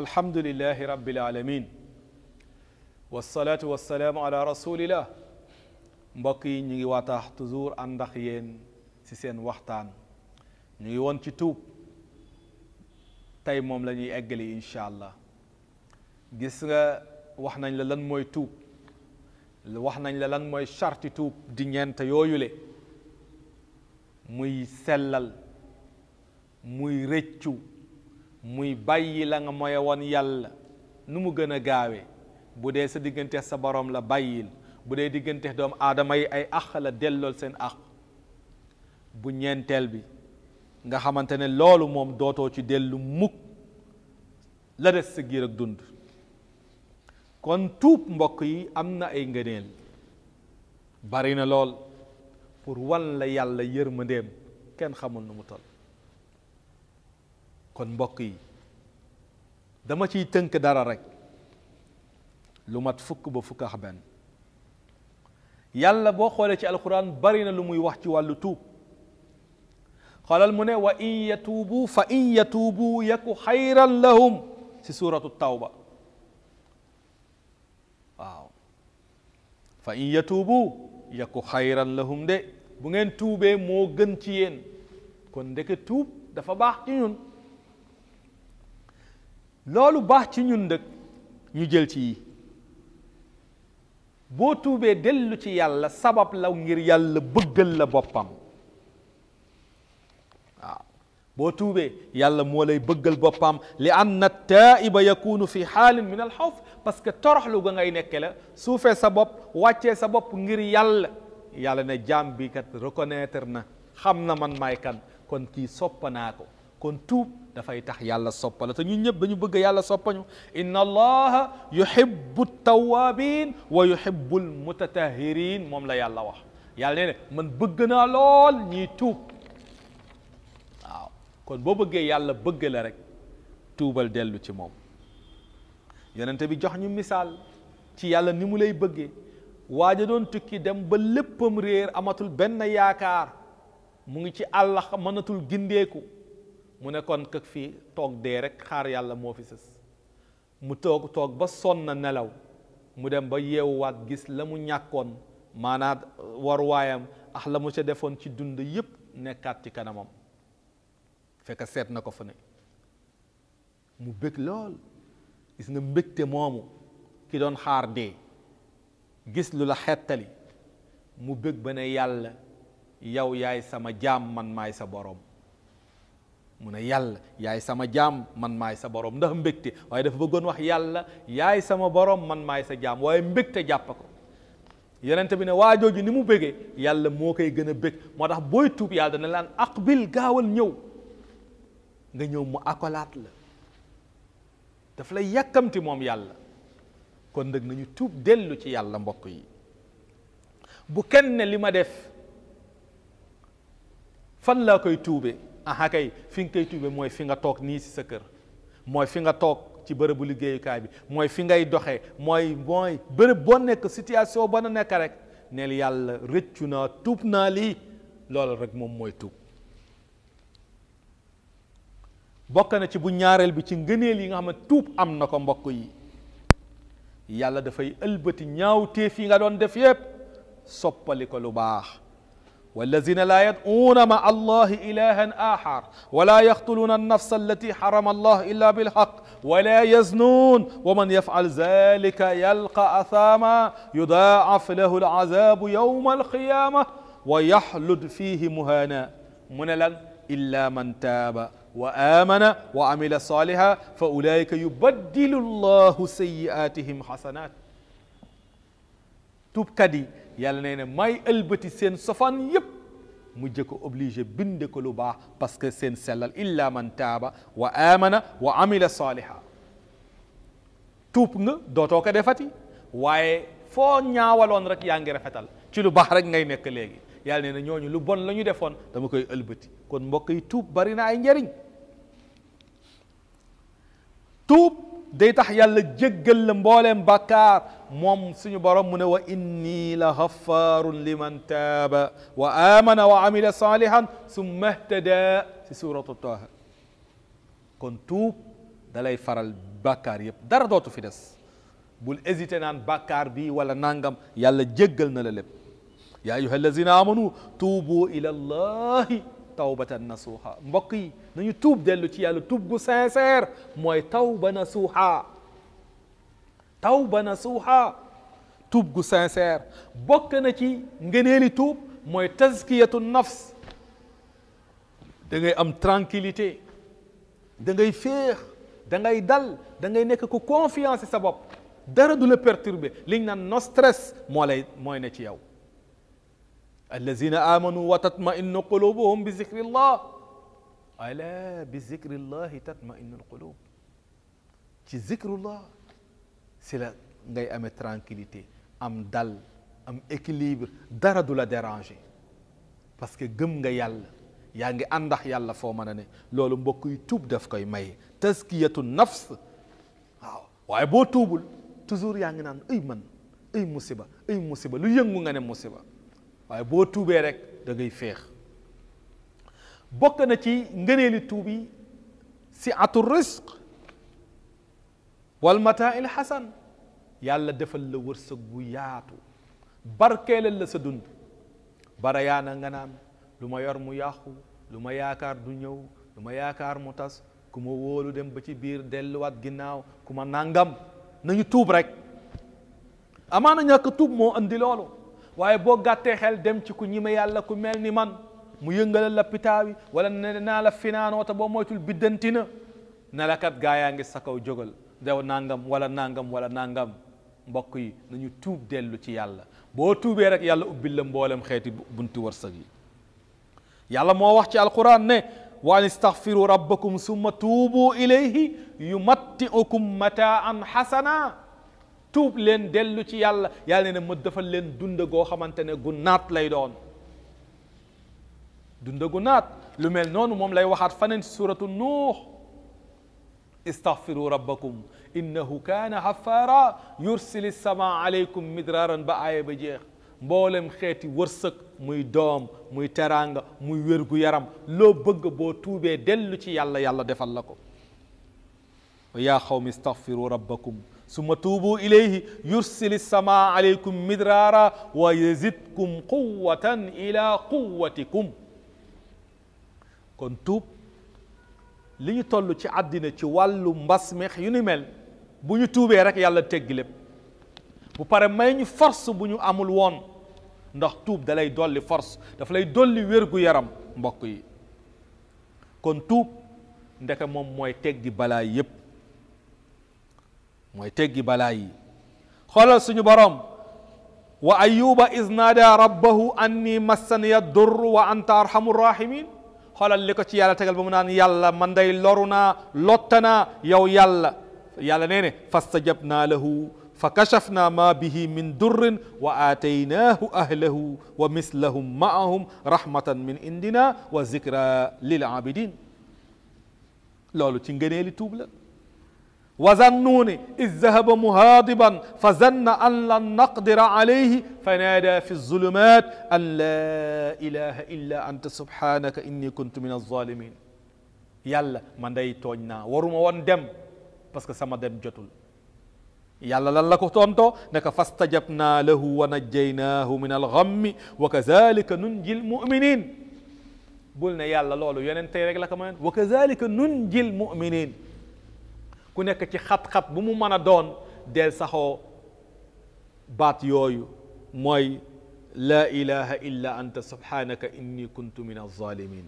alhamdulilahi rabbil alamin wasalaatu wasalaamu ala rasulillah mbokk yi ñu ngi waataax toujours ànd ak yéen ci seen waxtaan ñu ngi woon ci tuub tey moom la ñuy eggali incha gis nga wax nañ la lan mooy tuub wax nañ la lan mooy charti tuub di ñeent yooyule muy sellal muy rëccu muy bàyyi la nga moye woon yàlla nu mu gën a gaawee bu dee sa diggante sa boroom la bàyyil bu dee diggante doom aadama yi ay àq la dellool seen àq bu ñenteel bi nga xamante ne loolu moom dootoo ci dellu mukk la des sa giir ak dund kon tuub mbokk yi am na ay ngëneel bari na lool pour wan la yàlla yërmandeem kenn xamul nu mu toll kon mbokk yi dama ciy tënk dara rek lu mat fukk ba fukk ak benn yàlla boo xoolee ci alquran bari na lu muy wax ci wàllu tuub xoolal mu ne wa in yatuubu fa in yatuubu yaku xayran lahum si suuratu tawba waaw fa in yatuubu yaku xayran lahum de bu ngeen tuubee moo gën ci yéen kon ndeke tuub dafa baax ci ñun loolu baax ci ñun nag ñu jël ci yi boo tuubee dellu ci yàlla sabab la ngir yàlla bëggal la boppam bo tuubee yàlla mo lay beugal bopam li anna taa'iba yakunu fi xaalin min al khawf parce que toroxlu ga ngay nekke la suufee sa bop wacce sa bop ngir yàlla yàlla ne jam bi kat reconnaître na xamna man may kan kon ki sopanako kon tuub tax yàlla soppa la te ñun ñep dañu bëgg yàlla soppañu inna allah yuhibbu tawabin wa yuhibbu mutatahirin mom la yàlla wax yàlla ne man bëgg na lool ñi tuub kon boo bëggee yàlla bëgg la rek tuubal dellu ci moom yonente bi jox ñu misaal ci yàlla ni mu lay bëggee waa ja doon tukki dem ba léppam réer amatul benn yaakaar mu ngi ci àllax mënatul gindeeku mu nekkoon kon fi toog dee rek xaar yàlla moo fi sës mu toog toog ba sonn nelaw mu dem ba yeewuwaat gis la mu ñàkkoon maanaat war waayam ax la mu ca defoon ci dund yépp nekkaat ci kanamam fekk seet na ko fu ne mu bëgg lool gis nga mbëgte moomu ki doon xaar dee gis lu la xettali mu bëgg ba ne yàlla yow yaay sama jaam man maay sa borom mu ne yàlla yaay sama jaam man maay sa borom ndax mbëgte waaye dafa bëggoon wax yàlla yaay sama borom man maay sa jaam waaye mbëgte jàpp ko yonente bi ne waajooju ni mu bëggee yàlla moo koy gën a bëgg moo tax booy tuub yàlla dana laan aqbil gaawal ñëw nga ñëw mu akolaat la daf lay yàkkamti moom yàlla kon nag nañu tuub dellu ci yàlla mbokk yi bu kenn ne li ma def fan laa koy tuube aha fi nga koy tuube mooy fi nga toog nii si sa kër mooy fi nga toog ci bërëbu liggéeyukaay bi mooy fi ngay doxe mooy mooy bërëb boo nekk situation boo nekk rek neel yàlla rëccu naa tuub naa lii loolu rek moom mooy tuub bokk na ci bu ñaareel bi ci ngëneel yi nga xam ne tuub am na ko mbokk yi yàlla dafay ëlbati ñaawteef yi nga doon def yépp soppali ko lu baax والذين لا يدعون مع الله إلها آخر ولا يقتلون النفس التي حرم الله إلا بالحق ولا يزنون ومن يفعل ذلك يلقى أثاما يضاعف له العذاب يوم القيامة ويحلد فيه مهانا من إلا من تاب وآمن وعمل صالحا فأولئك يبدل الله سيئاتهم حسنات tuubkat yi yàlla nee na may ëlbati seen sofaan yépp mujj ko obligé bind ko lu baax parce que seen sellal illa man taaba wa amana wa amila saaliha tuub nga dootoo ko defati waaye foo ñaawaloon rek yaa ngi rafetal ci lu baax rek ngay nekk léegi yàlla nee na ñooñu lu bon la ñu defoon dama koy ëlbati kon mbokk yi tuub bari na ay njariñ tuub day tax yàlla jéggal la mbooleem bàkkaar moom suñu borom mu ne wa inni la xafaarun liman taaba wa amana wa amila salihan summa htada si suratu taha kon tuub dalay faral bàkkaar yëpp dara dootu fi des bul hésité naan bàkkaar bi wala nangam yàlla jéggal na la lépp يا أيها الذين آمنوا توبوا إلى الله توبة نصوحة مبقي نو يتوب دلو تي يالو توب بو سانسير موي توبة نصوحة توبة نصوحة توب بو سانسير بقى نكي نغنيلي توب موي تزكية النفس دنجي أم ترانكيليتي دنجي فيخ دنجي دل دنجي نكي كو كونفيانسي سبب دردو لبرتربي لنجنا نو ستريس موي نكي يو الذين آمنوا وتطمئن قلوبهم بذكر الله ألا بذكر الله تطمئن القلوب تذكر الله سلا غي أم ترانكيليتي أم دل أم إكليبر دارا دولا ديرانجي باسكو غم غي يال ياغي أندخ يال فو مانني لولو مبوكي توب داف كاي ماي تزكية النفس آه، واي بو توبل تزور ياغي نان اي من اي مصيبه اي مصيبه لو يڠو غاني مصيبه waaye boo tuubee rek da ngay féex bokk na ci ngëneeli tuub si atu risq wal mataail xasan yàlla defal la wërsëg bu yaatu barkeelal la sa dund bara yaana nga naan lu ma yor mu yàqu lu ma yaakaar du ñëw lu ma yaakaar mu tas ku ma wóolu dem ba ci biir delluwaat ginnaaw ku ma nàngam nañu tuub rek amaana ñàkk tuub moo andi loolu waaye boo gàttee xel dem ci ku ñime yàlla ku mel ni man mu yëngalal la pitaa bi wala ne naa la finaanoo te boo moytul biddanti na ne la kat gaa yaa ngi sa kaw jógal dew nangam wala nangam wala nangam mbokk yi nañu tuub dellu ci yàlla boo tuubee rek yàlla ubbil la mboolem xeeti bunti wërsëg yi yàlla moo wax ci alquran ne wa an istaghfiru rabbakum summa tuubu ilayhi yumatti'ukum mataan xasana tuub leen dellu ci yàlla yàlla ne ma defal leen dund goo xamante ne gu naat lay doon dund gu naat lu mel noonu moom lay waxaat faneen ci suratu nuux istaghfiru rabbakum innahu kaana xafaara yursili sama aleykum midraaran ba aaya ba jeex mboolem xeeti wërsëg muy doom muy teraanga muy wér-gu-yaram loo bëgg boo tuubee dellu ci yàlla yàlla defal la ko yaa xawmi istaghfiru rabbakum ثم توبوا إليه يرسل السماء عليكم مدرارا ويزدكم قوة إلى قوتكم kon tuub li ñu toll ci àddina ci wàllu mbas meex yu ni mel bu ñu tuubee rek yàlla teggi lépp bu pare may ñu force bu ñu amul woon ndax tuub da lay dolli force dafa lay dolli wérgu yaram mbokk yi kon tuub ndeke moom mooy teggi balaa yépp moy teggi balaa yi xoolal suñu borom wa ayyuba iznada rabbahu anni massaniya durru wa anta arhamur rahimin xolal liko ci yàlla tegal ba mu naan yàlla man day loruna lotana yow yàlla yàlla nee fastajabna lahu فكشفنا ما به من در وآتيناه أهله ومثلهم معهم رحمة من عندنا وذكرى للعابدين لولو تنجنيلي توبلا وظنوني إذ ذهب مهاضبا فظن أن لن نقدر عليه فنادى في الظلمات أن لا إله إلا أنت سبحانك إني كنت من الظالمين يلا من داي توجنا ورما وان دم بس سما دم جتل يلا لن لكو تونتو نك فاستجبنا له ونجيناه من الغم وكذلك ننجي المؤمنين بولنا يلا لولو ينتهي رجلك كمان وكذلك ننجي المؤمنين ku nekk ci xat-xat bu mu mën a doon del saxoo baat yooyu mooy la ilaha illa anta subhanaka inni kuntu min alzalimin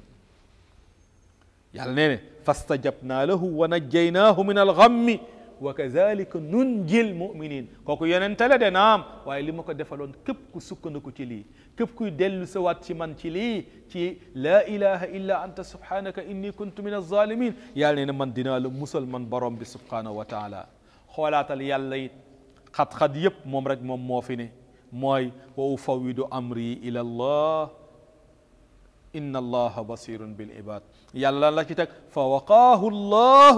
yàlla nee ne fastajabnaa lahu wa najaynahu min alxammi وكذلك ننجي المؤمنين كوكو يننت لا دي نام واي لي مكو ديفالون كيب كو سكنكو تي لي كيب كو ديلو سوات تي مان تي لي تي لا اله الا انت سبحانك اني كنت من الظالمين يعني من دينا المسلم بروم بي سبحانه وتعالى خولات يالله خط خط ييب موم رك موم مو في موي وافوض امري الى الله ان الله بصير بالعباد يالله لا تك فوقاه الله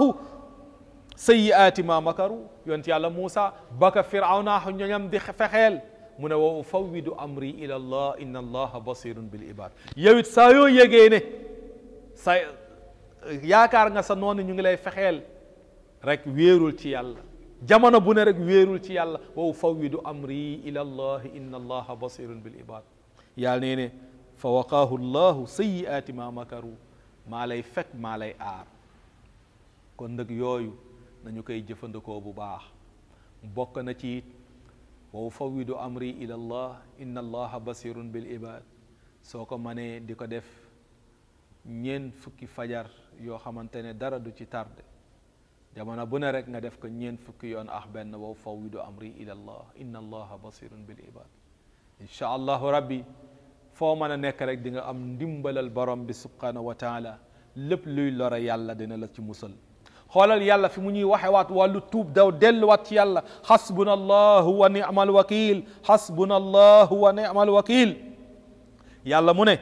sayyi'aati ma makaru yonent yàlla Moussa ba ka Firawna ñoñam di fexeel mu ne wa ufawwidu amri ila allah inna allaha basirun bil ibad yow it saa yoo yëgee ne sa yaakaar nga sa noonu ñu ngi lay fexeel rek wéerul ci yàlla jamono bu ne rek wéerul ci yàlla wa ufawwidu amri ila allah inna allaha basirun bil ibad yàlla nee ne fa waqaahu llahu sayyi'aati ma makaru maa lay fekk maa lay aar kon nag yooyu nañu koy jëfandikoo bu baax bokk na ci wa ufawidu amri ila allah inna allah basirun bil ibad soo ko mënee di ko def ñeen fukki fajar yoo xamante ne dara du ci tarde jamono bu ne rek nga def ko ñeen fukki yoon ax benn wa ufawidu amri ila allah inna allah basirun bil ibad insha allah rabbi foo mën a nekk rek di nga am ndimbalal borom bi subhanahu wa taala lépp luy lore yàlla dina la ci musal xoolal yàlla fi mu ñuy waxe waat wàllu tuub daw delluwaat ci yàlla xasbuna allahu wa ni'mal wakil xasbuna allahu wa ni'mal wakil yàlla mu ne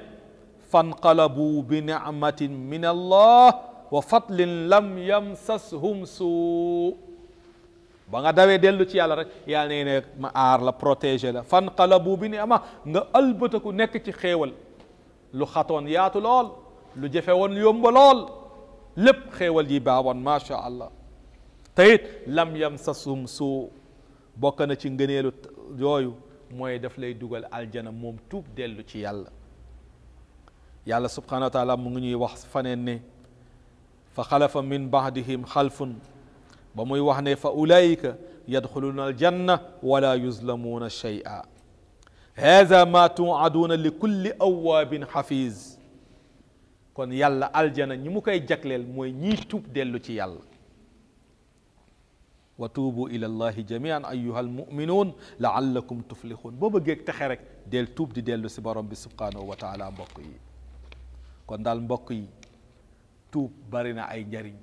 fanqalabu bi ni'matin min allah wa fadlin lam yamsashum suu ba nga dawee dellu ci yàlla rek yàlla nee ne ma aar la protéger la fanqalabu bi ni'ma nga ëlbataku nekk ci xéewal lu xatoon yaatu lool lu jafe woon yomba lool lépp xéewal yi baawoon macha allah te it lam yam sasum suu bokk na ci ngëneelu yooyu mooy daf lay dugal aljana moom tuub dellu ci yàlla yàlla subhanahu wa taala mu ngi ñuy wax faneen ne fa xalafa min bahdihim xalfun ba muy wax ne fa ulaika yadxuluuna aljanna wala yuzlamuuna shay'a hada ma tuuaduuna li kulli awaabin xafiz kon yàlla aljana ñi mu koy jaklel moy ñi tup delu ci yàlla wa tubu ila allah jamian ayuha mu'minun laallakum tuflixuun boo bëggee texe rek del tup di delu ci borom bi subhanahu wa taala mbokk yi kon dal mbokk yi tup bari na ay njariñ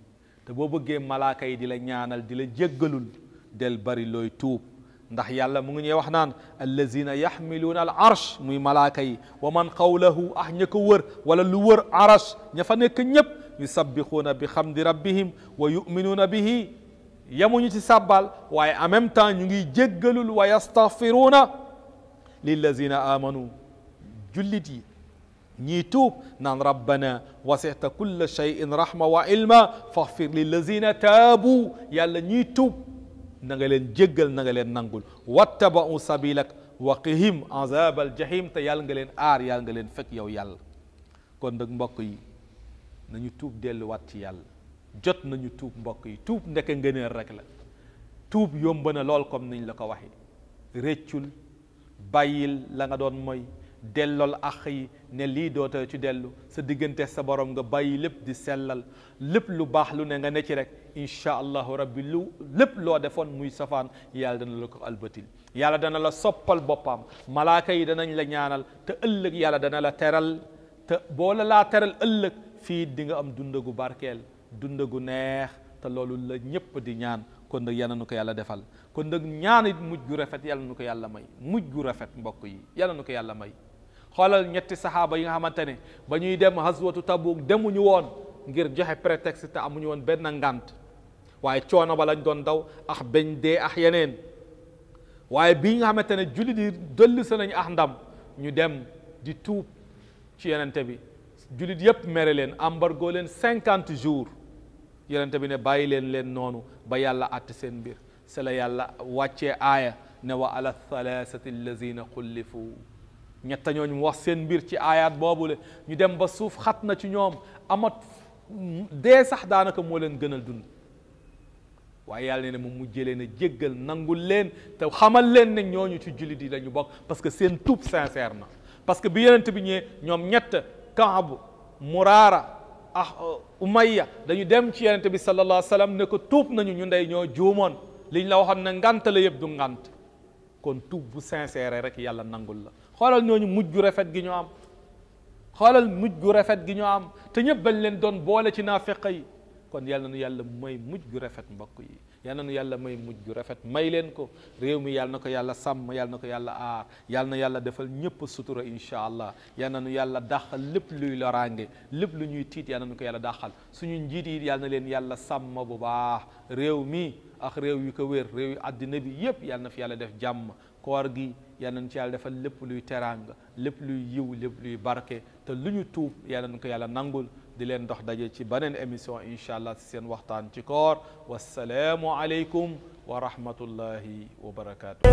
te bo beugé malaaka yi di la ñaanal di la jéggalul del bari loy tup ndax yàlla mu ngi ñuy wax naan allazina yaxmiluuna al arsh muy malaaka yi wa man qawlahu ah ña ko wër wala lu wër arash ña fa nekk ñépp yusabbixuuna bi xamdi rabbihim wa yuminuuna bihi yemuñu ci sàbbal waaye en même temps ñu ngi jéggalul wa yastaxfiruuna lillazina amanu jullit yi ñii tuub naan rabbana wasixta kulla cheyin rahma wa ilma faxfir lillazina taabu yàlla ñii tuub نغلن جيغل نغلن نانغول واتبعوا سبيلك وقهم عذاب الجحيم تا يال نغلن ار يال نغلن فك يو يال كون دك مبوك يي نانيو توب ديلو وات سي يال جوت نانيو توب مبوك يي توب نك نغنر رك لا توب يومبنا لول كوم نين لاكو واخي ريتول بايل لاغا دون موي delol àq yi ne lii dootoo ci dellu sa diggante sa borom nga bàyyi lépp di sellal lépp lu baax lu ne nga ne ci rek insha allah rabbi lu lépp loo defoon muy safaan yàlla dana la ko albatil yàlla dana la soppal boppam malaaka yi danañ la ñaanal te ëllëg yàlla dana la teral te boo la laa teral ëllëg fii di nga am dundagu gu barkeel dunda neex te loolu la ñëpp di ñaan kon nag yàlla nu ko yàlla defal kon nag ñaan it mujj gu rafet yàlla nu ko yàlla may mujj gu rafet mbokk yi yàlla nu ko yàlla may xolal ñetti sahaba yi nga xamantene ba ñuy dem haswatu tabuk demu ñu won ngir joxe prétexte ta amu ñu won ben ngànt waye choono ba lañ doon daw ah beñ de ah yenen waye bi nga xamantene julli di yi sa nañ ah ndam ñu dem di tuub ci yenente bi jullit yépp mere leen embargo leen cinquante jours yenente bi ne bàyyi leen leen noonu ba yàlla àtt seen mbir c'est la yàlla wàccee aaya ne wa ala thalathati allazina xullifu ñett ñooñu mu wax seen mbir ci ayaat boobu boobule ñu dem ba suuf xat na ci ñoom amat dee sax daanaka moo leen gënal dund waaye yàlla ne na moom mu jëlee a jéggal nangul leen te xamal leen ne ñooñu ci jullit yi la bokk parce que seen tuub sincère na parce que bi yonent bi ñëwee ñoom ñett Kaab Muraara ah Umayya dañu dem ci yonent bi sallallahu alayhi wa ne ko tuub nañu ñu ndey ñoo juumoon liñ la waxoon ne ngant la yëpp du ngant kon tuub bu sincère rek yàlla nangul la xoolal ñooñu mujj rafet gi ñu am xoolal mujj rafet gi ñu am te ñëpp bañ leen doon boole ci naafiqa yi kon yàlla nu yàlla may mujj rafet mbokk yi yàlla nu yàlla may mujj rafet may leen ko réew mi yàlla na ko yàlla sàmm yàlla na ko yàlla aar yàlla na yàlla defal ñëpp sutura incha allah yal nu yàlla daxal lépp luy loraange lépp lu ñuy tiit yàlla na nu ko yàlla daxal suñu njiit yi na leen yàlla sàmm bu baax réew mi ak réew yu ko wér réew yu àddina bi yépp yàlla na fi yàlla def jàmm koor gi yal nañ ci yàlla defal lépp luy terang lépp luy yiw lépp luy barke te lu ñu tuub yal nañ ko yàlla nangul di leen dox daje ci beneen émission incha allah si seen waxtaan ci koor wasalaamu wa rahmatullahi wa barakaatu.